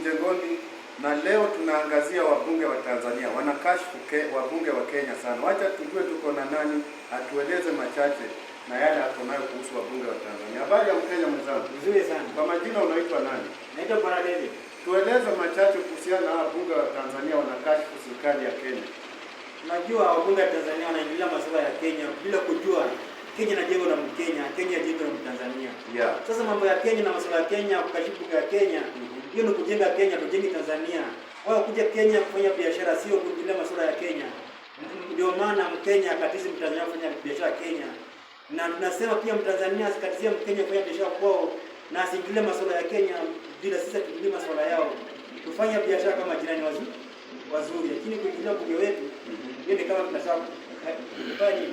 mjengoni, na leo tunaangazia wabunge wa Tanzania. Wanakashifu wabunge wa Kenya sana. Wacha tujue tuko na nani atueleze machache na yale ako nayo kuhusu wabunge wa Tanzania. Habari ya Mkenya mwenzangu? Nzuri sana. Kwa majina unaitwa nani? Naitwa Bwana David. Tueleze machache kuhusiana na wabunge wa Tanzania wanakashfu serikali ya Kenya. Unajua wabunge wa Tanzania wanaingilia masuala ya Kenya bila kujua Kenya najengwa na Mkenya, Kenya najengwa na Mtanzania. Yeah. Sasa mambo ya Kenya na masuala ya Kenya, kukashifu ya Kenya, mm hiyo ni kujenga Kenya, tujenge Tanzania. Wao kuja Kenya kufanya biashara sio kuingilia masuala ya Kenya. Mhm. Ndio maana Mkenya akatizi Mtanzania kufanya biashara Kenya. Na tunasema pia Mtanzania asikatizie Mkenya kufanya biashara kwao na asiingilie masuala ya Kenya bila sisi tuingilie masuala yao. Tufanye biashara kama jirani wazuri. Wazuri, lakini kuingilia kwa wetu, mm hiyo ni kama tunataka kufanya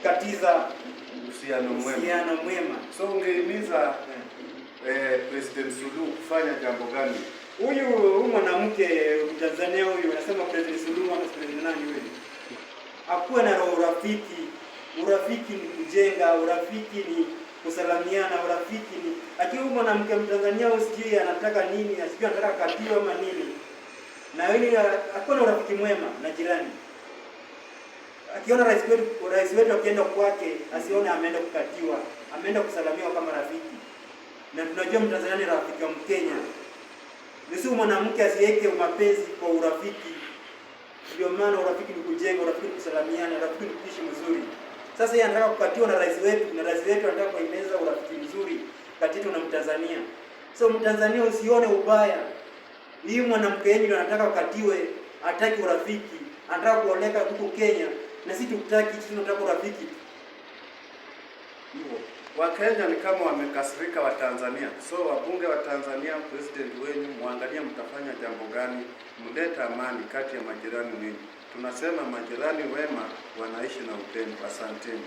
kukatiza uhusiano mwema. mwema So ungehimiza eh, eh, President Suluhu kufanya jambo gani? Huyu huyu mwanamke Mtanzania huyu anasema President Suluhu ama President nani wewe, hakuwa na roho urafiki. Urafiki ni kujenga, urafiki ni kusalamiana, urafiki ni lakini huyu mwanamke Mtanzania huyu sijui anataka nini, sijui anataka katiwa ama nini, na yeye hakuwa na urafiki mwema na jirani akiona rais wetu rais wetu akienda kwake, asione ameenda kukatiwa, ameenda kusalamiwa kama rafiki. Na tunajua Mtanzania ni rafiki wa Mkenya, nisi mwanamke asiweke mapenzi kwa urafiki. Ndio maana urafiki ni kujenga, urafiki ni kusalamiana, urafiki ni kuishi mzuri. Sasa yeye anataka kukatiwa na rais wetu, na rais wetu anataka kuimeza urafiki mzuri kati yetu na Mtanzania. So Mtanzania usione ubaya, hii mwanamke yenu anataka kukatiwe, ataki urafiki, anataka kuoneka huko Kenya na sisi tukitaki tunataka urafiki tu. Hivyo Wakenya ni kama wamekasirika wa Tanzania. So wabunge wa Tanzania, president wenyu, muangalie mtafanya jambo gani, mleta amani kati ya majirani wenyu. Tunasema majirani wema wanaishi na upendo. Asanteni.